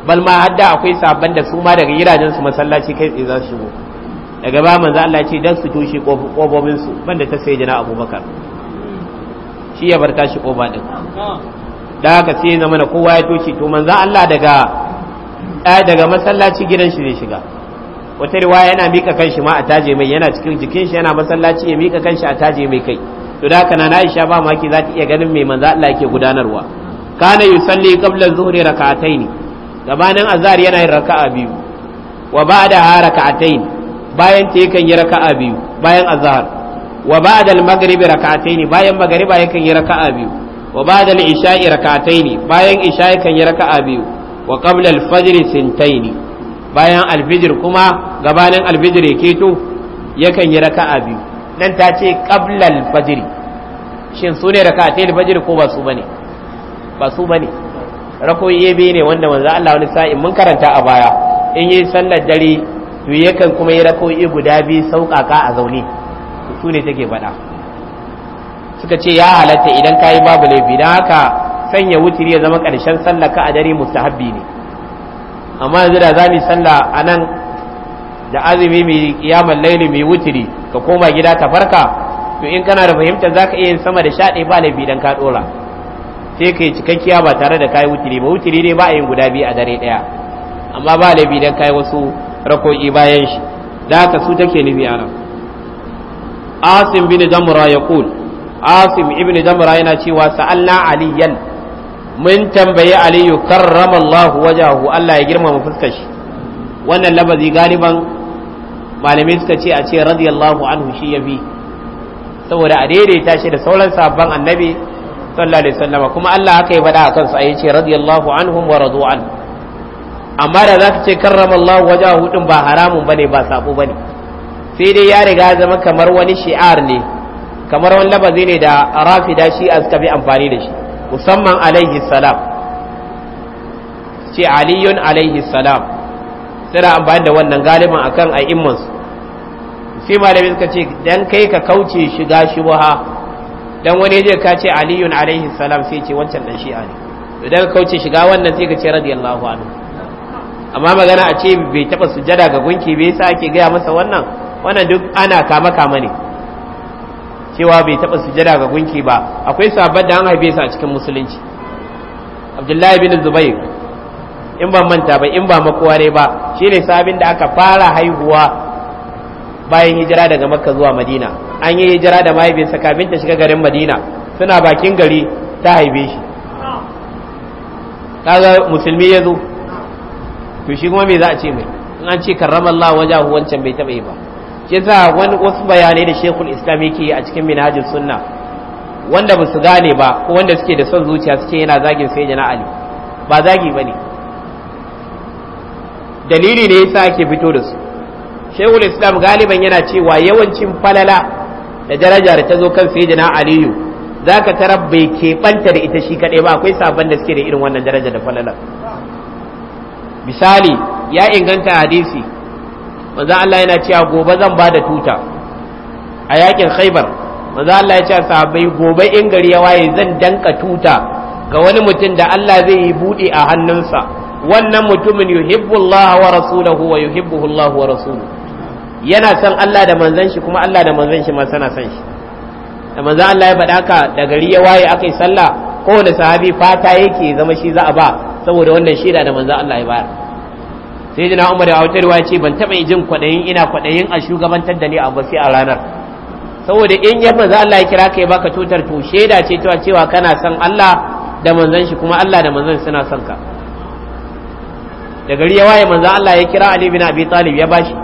A: bal ma hadda akwai sabban da su ma daga gidajen su masallaci kai tsaye za su shigo daga ba manzo Allah ce dan su toshe kofofin su banda ta sai jina Abubakar shi ya bar tashi koba din da haka sai zama na kowa ya toshe to manzo Allah daga daga masallaci gidan shi zai shiga wata riwaya yana mika kanshi ma a taje mai yana cikin jikin shi yana masallaci ya mika kanshi a taje mai kai to da haka na Aisha ba maki za ta iya ganin mai manzo Allah yake gudanarwa kana yusalli qabla zuhri rak'ataini gabanin azhar yana yin raka'a biyu wa ba'da rak'ataini bayan ta yakan yi raka'a biyu bayan azhar wa ba'da al maghrib rak'ataini bayan maghriba yakan yi raka'a biyu wa ba'da al-isha'i rak'ataini bayan isha yakan yi raka'a biyu wa qabla al-fajr sintaini bayan al-fajr kuma gabanin al-fajr yake to yakan yi raka'a biyu nan ta ce ƙablal fajiri, shin su ne rak'atai fajiri ko ba su ba su rako yi yabe ne wanda wanzu Allah wani sa'in mun karanta a baya in yi sallar dare to yakan kuma yi yi guda biyu sauƙaƙa a zaune su ne take faɗa suka ce ya halatta idan kayi babu laifi dan haka sanya wutiri ya zama ƙarshen sallar ka a dare mustahabbi ne amma yanzu da za mu sallah a nan da azumi mai kiyamar laili mai wutiri ka koma gida ta farka to in kana da fahimta za ka iya yin sama da sha ba laifi dan ka ɗora sai ka yi cikakkiya ba tare da kayi wutiri ba wutiri ne ba a yin guda biyu a dare ɗaya amma ba laifi dan kayi wasu rakoki bayan shi da haka su take nufi a nan asim bin jamra ya kul asim ibn jamra yana cewa sa'alna aliyan mun tambayi aliyu karramallahu wajahu Allah ya girmama fuskar shi wannan lafazi galiban malamai suka ce a ce radiyallahu anhu shi ya bi saboda a daidaita shi da sauran sabon annabi sallallahu alaihi wasallam kuma Allah haka ya faɗa a kansu a ce radiyallahu anhum wa radu amma da zaka ce karramallahu wajahu din ba haramun bane ba sabo bane sai dai ya riga zama kamar wani shi'ar ne kamar wani labazi ne da rafida shi a suka bi amfani da shi musamman alaihi salam ce aliyun alaihi salam tana amfani da wannan galiban akan a'immansu sai malami suka ce dan kai ka kauce shiga shubha dan wani je ka ce aliyun alaihi salam sai ce wancan dan shi'a ne idan kauce shiga wannan sai ka ce radiyallahu anhu amma magana a ce bai taba sujada ga gunki bai sa ake gaya masa wannan wannan duk ana kama kama ne cewa bai taba sujada ga gunki ba akwai sabbin da an haife su a cikin musulunci abdullahi bin zubair in ban manta ba in ba ne ba shine sabin da aka fara haihuwa bayan hijira daga makka zuwa madina an yi hijira da mahaifinsa kafin ta shiga garin madina suna bakin gari ta haife shi kaga musulmi ya zo to shi kuma me za a ce mai in an ce karramallahu wajahu wancan bai taba yi ba yasa wani wasu bayanai da shekul islam yake a cikin manhajin sunna wanda ba su gane ba ko wanda suke da son zuciya suke yana zagin sai jana ali ba zagi ba ne dalili ne yasa ake fito da su shehul islam galiban yana cewa yawancin falala da daraja da ta zo kan sayyidina aliyu zaka tarab bai ke keɓanta da ita shi kaɗai ba akwai sabon da suke da irin wannan daraja da falala misali ya inganta hadisi manzo Allah yana cewa gobe zan ba da tuta a yakin khaibar manzo Allah ya ce sahabbai gobe in gari ya waye zan danka tuta ga wani mutum da Allah zai yi bude a hannunsa wannan mutumin yuhibbu Allah wa rasulahu wa yuhibbuhu Allah wa rasuluhu yana son Allah da manzon shi kuma Allah da manzon shi ma sana son shi da manzon Allah ya faɗa ka da gari ya waye akai sallah ko da sahabi fata yake zama shi za a ba saboda wannan shaida da manzon Allah ya bayar sai jina Umar da Autarwa ya ce ban taɓa jin kwaɗayin ina kwaɗayin a shugabantar da ni a basi a ranar saboda in ya manzon Allah ya kira ka ya baka tutar to sheda ce cewa kana son Allah da manzon shi kuma Allah da manzon suna son ka da gari ya waye manzo Allah ya kira Ali bin Abi Talib ya bashi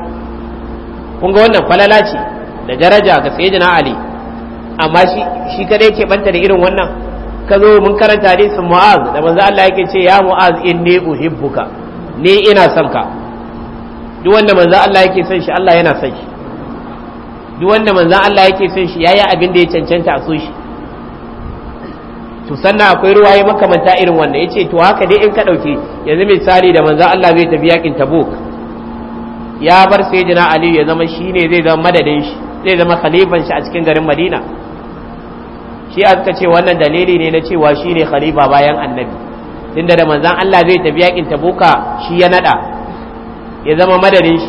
A: kun ga wannan falala ce da daraja ga sayyidina Ali amma shi shi kadai ke banta da irin wannan ka zo mun karanta hadisin Mu'az da manzo Allah yake ce ya Mu'az inni uhibbuka ni ina son ka duk wanda manzo Allah yake son shi Allah yana son shi duk wanda manzo Allah yake son shi yayi abin da ya cancanta a so shi to sannan akwai ruwa ya makamanta irin wanda ce to haka dai in ka dauke yanzu misali da manzan Allah zai tafi yakin Tabuk ya bar sai jina aliyu ya zama shi ne zai zama madadin shi zai zama khalifan shi a cikin garin Madina shi a suka ce wannan dalili ne na cewa shi ne khalifa bayan annabi tunda da manzan Allah zai tafi yakin Tabuka shi ya nada ya zama madadin shi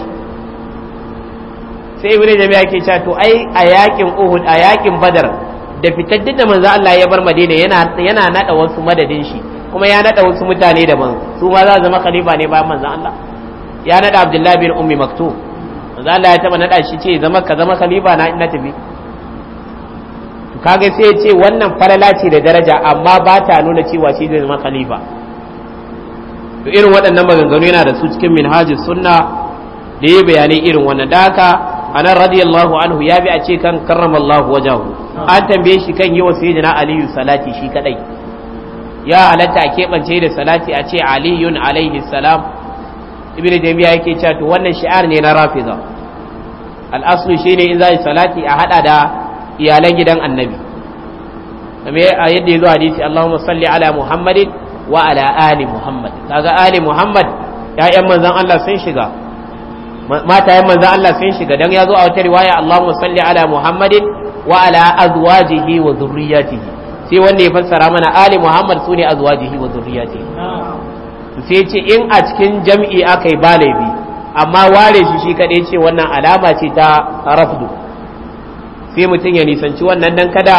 A: sai ibnu jami'a ke cewa to ai a yakin Uhud a yakin Badar da fitar da manzo Allah ya bar Madina yana yana nada wasu madadin shi kuma ya nada wasu mutane da man su ma za zama khalifa ne bayan manzo Allah ya nada Abdullahi bin Ummi Maktum manzo Allah ya taba nada shi ce zama ka zama khalifa na inna tabi to kage sai ya ce wannan falala ce da daraja amma ba ta nuna cewa shi zai zama khalifa to irin waɗannan maganganu yana da su cikin minhajus sunna da yi bayanai irin wannan daka anan radiyallahu anhu ya bi a ce kan karramallahu wajahu an tambaye shi kan yi wa sayyidina aliyu salati shi kadai ya halatta a keɓance da salati a ce aliyun alaihi salam ibn jami'a yake cewa to wannan shi'ar ne na rafiza al'aslu shine in za salati a hada da iyalan gidan annabi kamar yadda ya zo hadisi Allahumma salli ala Muhammadin wa ala ali Muhammad kaga ali Muhammad ya'yan manzon Allah sun shiga mata matayen manzan Allah sun shiga dan ya zo a wata riwaya Allahumma salli ala Muhammadin wa ala azwajihi wa zurriyatihi sai wanda ya fassara mana ali Muhammad sune azwajihi wa zurriyatihi sai ce in a cikin jam'i aka akai balabi amma ware shi shi kaɗai ce wannan alama ce ta rafdu sai mutum ya nisanci wannan dan kada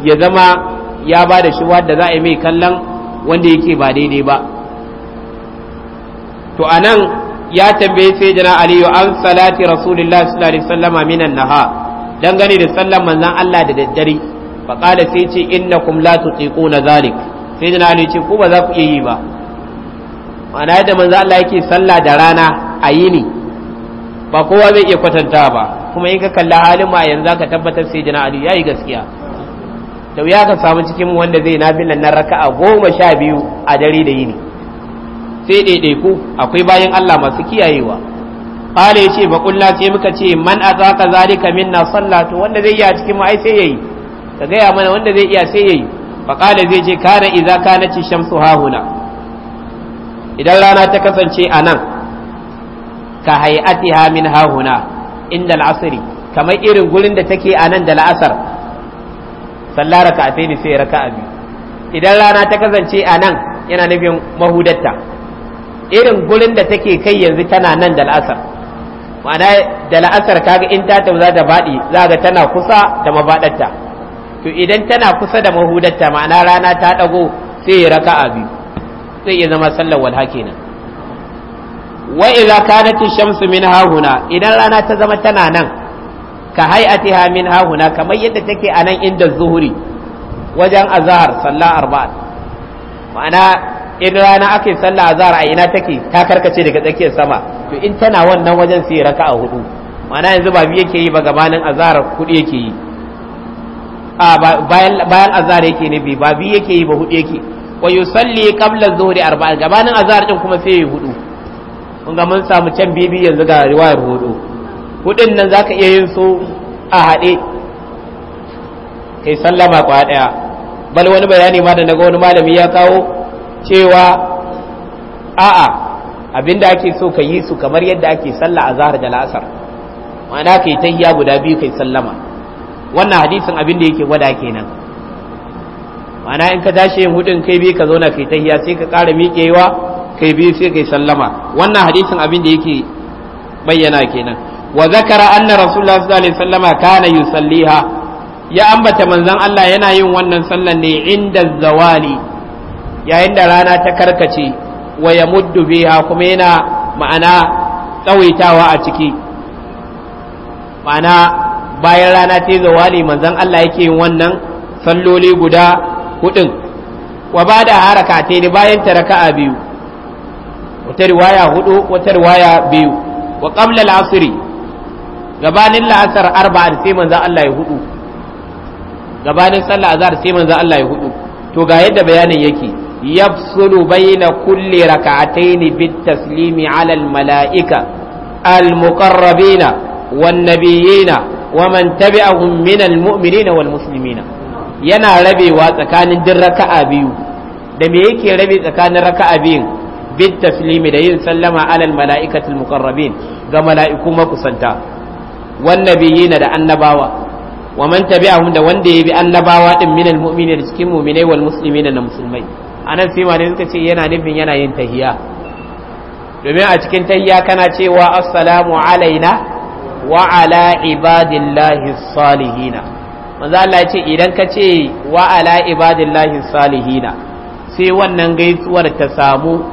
A: ya zama ya ba da shi da za a yi mai kallon wanda yake ba daidai ba to anan ya tambaye sai jana aliyu an salati rasulullah sallallahu alaihi wasallama minan naha dangane da sallan manzon Allah da daddare fa qala sai ce innakum la tutiquna zalik sai jana aliyu ce ku ba za ku iya yi ba ma'ana yadda manzon Allah yake sallah da rana a yini ba kowa zai iya kwatanta ba kuma in ka kalla halin ma yanzu ka tabbatar sai jana aliyu yayi gaskiya da ya ka samu cikin wanda zai nafilan nan raka'a goma sha biyu a dare da yini sai ɗaiɗaiku akwai bayan Allah masu kiyayewa qala yace ba kullu sai muka ce man azaka zalika minna sallatu wanda zai iya cikin ai sai yayi ka gaya mana wanda zai iya sai yayi fa qala zai ce kana idza ci shamsu hahuna idan rana ta kasance anan ka hay'atiha min hahuna inda al'asri kamar irin gurin da take anan da la'asar sallar raka'a sai raka'a biyu idan rana ta kasance anan yana nufin mahudatta irin gurin da take kai yanzu tana nan da la'asar ma'ana da la'asar kaga in ta tauza da faɗi za ga tana kusa da mafaɗarta to idan tana kusa da mahudarta ma'ana rana ta ɗago sai ya raka a sai zai iya zama sallar walha kenan wa idza kanat shamsu min hahuna idan rana ta zama tana nan ka hay'atiha min hahuna kamar yadda take a nan inda zuhuri wajen azhar sallah arba'a ma'ana in rana aka yi sallah azhar a ina take ta karkace daga tsakiyar sama to in tana wannan wajen sai a hudu ma'ana yanzu ba biye yake yi ba gabanin azhar hudu yake yi a bayan bayan azhar yake ne bi ba biye yake yi ba hudu yake wa yusalli qabla zuhri arba'a gabanin azhar din kuma sai yi hudu kun ga mun samu can bibi yanzu ga riwayar hudu hudun nan zaka iya yin su a haɗe kai sallama kwa daya bal wani bayani ma da naga wani malami ya kawo cewa a'a abinda ake so ka yi su kamar yadda ake sallah a zahar da la'asar ma'ana ka yi tahiya guda biyu kai sallama wannan hadisin abin da yake gwada kenan ma'ana in ka tashi yin hudun kai biyu ka zauna kai tahiya sai ka ƙara miƙewa kai biyu sai kai sallama wannan hadisin abin da yake bayyana kenan wa zakara anna rasulullah sallallahu alaihi wasallama kana yusalliha ya ambata manzon Allah yana yin wannan sallan ne inda zawali yayin da rana ta karkace wa ya muddu biha kuma yana ma'ana tsawaitawa a ciki ma'ana bayan rana ta zawali manzon Allah yake yin wannan salloli guda hudin wa ba da haraka ta bayan ta raka'a biyu wata riwaya hudu wata riwaya biyu wa qabla al gabanin la'asar arba'a sai manzon Allah ya hudu gabanin sallah azhar sai manzon Allah ya hudu to ga yadda bayanin yake yafsulu baina kulli raka'ataini bit taslimi ala al mala'ika al muqarrabina al mu'minina wal muslimina yana rabewa tsakanin da me yake rabe tsakanin raka'a biyun bit taslimi da yin sallama wanda ya bi annabawa din minal cikin mu'minai na A nan sima ne suka ce yana nufin yana yin tahiya domin a cikin tahiya kana cewa assalamu alaina wa ala ibadillahi salihina manzo Allah ya ce idan ka ce wa ala ibadillahi salihina sai wannan gaisuwar ta samu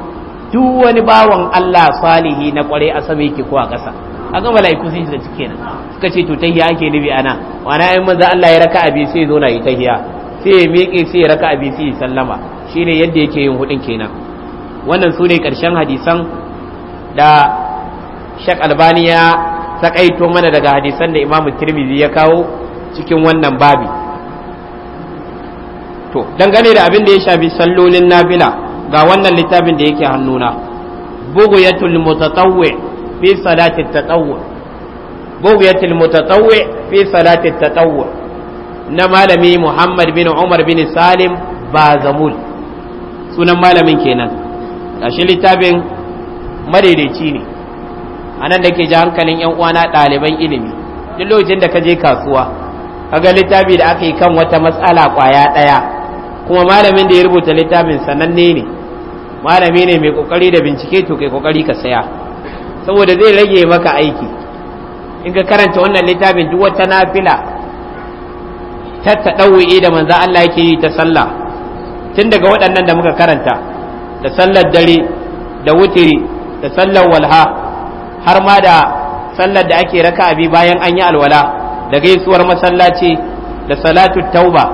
A: duk wani bawan Allah salihi na kware a sama yake ko a ƙasa a ga mala'iku sun shiga cikin suka ce to tahiya ake nubi ana wana in manzo Allah ya raka abi sai zo na yi tahiya sai ya miƙe sai ya raka abi sai ya sallama shine yadda yake yin hudin kenan wannan su ne karshen hadisan da shak albani ya sakaito mana daga hadisan da imamu tirmidhi ya kawo cikin wannan babi to dangane da abin da ya shafi sallolin nafila ga wannan littafin da yake hannuna bughyatul mutatawwi fi salati at-tatawwu bughyatul mutatawwi fi salati at-tatawwu na malami Muhammad bin Umar bin Salim ba zamul sunan malamin kenan shi littafin madaidaici ne a nan da ke ji hankalin yan uwana ɗaliban ilimi duk lokacin da ka je kasuwa ka ga littafi da aka yi kan wata matsala kwaya ɗaya kuma malamin da ya rubuta littafin sananne ne malami ne mai kokari da bincike to kai kokari ka saya saboda zai rage maka aiki in ka karanta wannan littafin duk wata nafila ta taɗawi'i da manzan Allah yake yi ta sallah tun daga waɗannan da muka karanta da sallar dare da wutiri da sallar walha har ma da sallar da ake raka abi bayan an yi alwala da gaisuwar masallaci da salatu tauba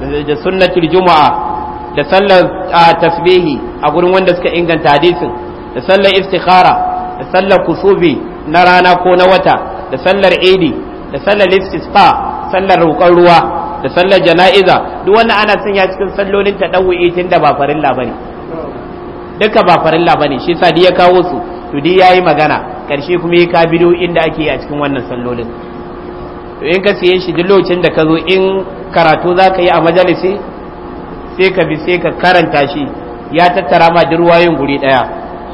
A: da sunnatul juma'a da sallar tasbihi a gurin wanda suka inganta hadisin da sallar istikhara da sallar kusubi na rana ko na wata da sallar idi da sallar istisqa sallar roƙon ruwa da sallar jana'iza duk wannan ana sanya cikin sallolin tadawwi tun da ba farilla bane duka ba farilla bane shi yasa ya kawo su to dai yayi magana karshe kuma ya ka bido inda ake a cikin wannan sallolin to in ka siye shi duk lokacin da ka zo in karatu zaka yi a majalisi sai ka bi sai ka karanta shi ya tattara ma duk ruwayoyin guri daya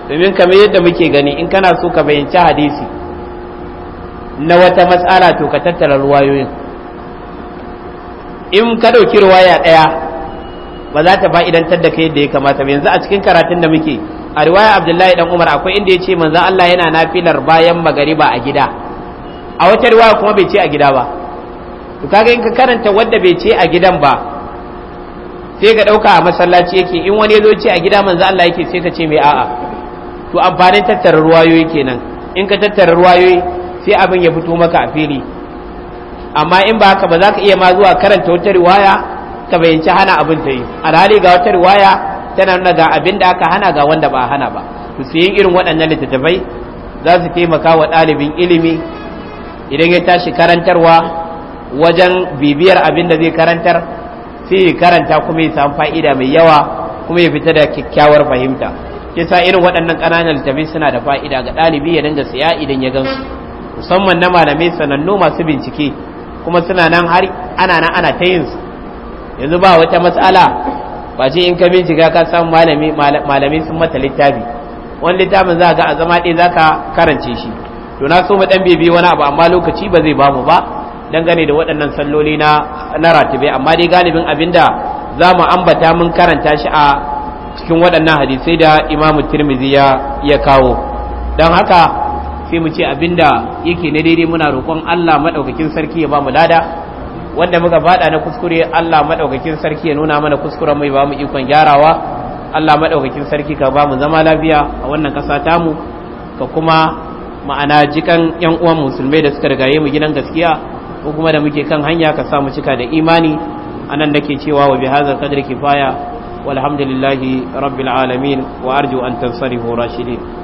A: domin kamar yadda muke gani in kana so ka bayyanci hadisi na wata matsala to ka tattara ruwayoyin in ka ɗauki riwaya ɗaya ba za ta fa'idantar da kai yadda ya kamata ba yanzu a cikin karatun da muke a riwaya abdullahi dan umar akwai inda ya ce manzan allah yana nafilar bayan magariba a gida a wata riwaya kuma bai ce a gida ba to kaga in ka karanta wanda bai ce a gidan ba sai ka ɗauka a masallaci yake in wani ya zo ce a gida manzan allah yake sai ka ce mai a'a to amfanin tattara ruwayoyi kenan in ka tattara ruwayoyi sai abin ya fito maka a fili amma in ba haka ba za ka iya ma zuwa karanta wata riwaya ka bayyanci hana abin ta yi alhali ga wata riwaya tana nuna ga abin da aka hana ga wanda ba hana ba to yin irin waɗannan littattafai za su taimaka wa ɗalibin ilimi idan ya tashi karantarwa wajen bibiyar abin da zai karantar sai ya karanta kuma ya samu fa'ida mai yawa kuma ya fita da kyakkyawar fahimta kisa irin waɗannan ƙananan littattafai suna da fa'ida ga ɗalibi ya dinga siya idan ya gansu musamman na malamai sanannu masu bincike kuma suna nan har ana nan ana ta yin su yanzu ba wata matsala ba ce in ka bincika ka samu malami malami sun mata littafi wani littafin za ga a zama ɗaya za ka karance shi to na so mu dan bibi wani abu amma lokaci ba zai bamu ba dangane da waɗannan salloli na na ratibai amma dai galibin abinda za mu ambata mun karanta shi a cikin waɗannan hadisai da imamu tirmidhi ya kawo don haka sai mu ce abinda yake na daidai muna roƙon Allah maɗaukakin sarki ya ba mu lada wanda muka bada na kuskure Allah maɗaukakin sarki ya nuna mana kuskuren mai ba mu ikon gyarawa Allah maɗaukakin sarki ka ba mu zama lafiya a wannan ƙasa tamu ka kuma ma'ana jikan yan uwan musulmai da suka rigaye mu gidan gaskiya ko kuma da muke kan hanya ka sa mu cika da imani anan nake cewa wa bihaza kadri kifaya walhamdulillahi rabbil alamin wa arju an tansarihu rashidin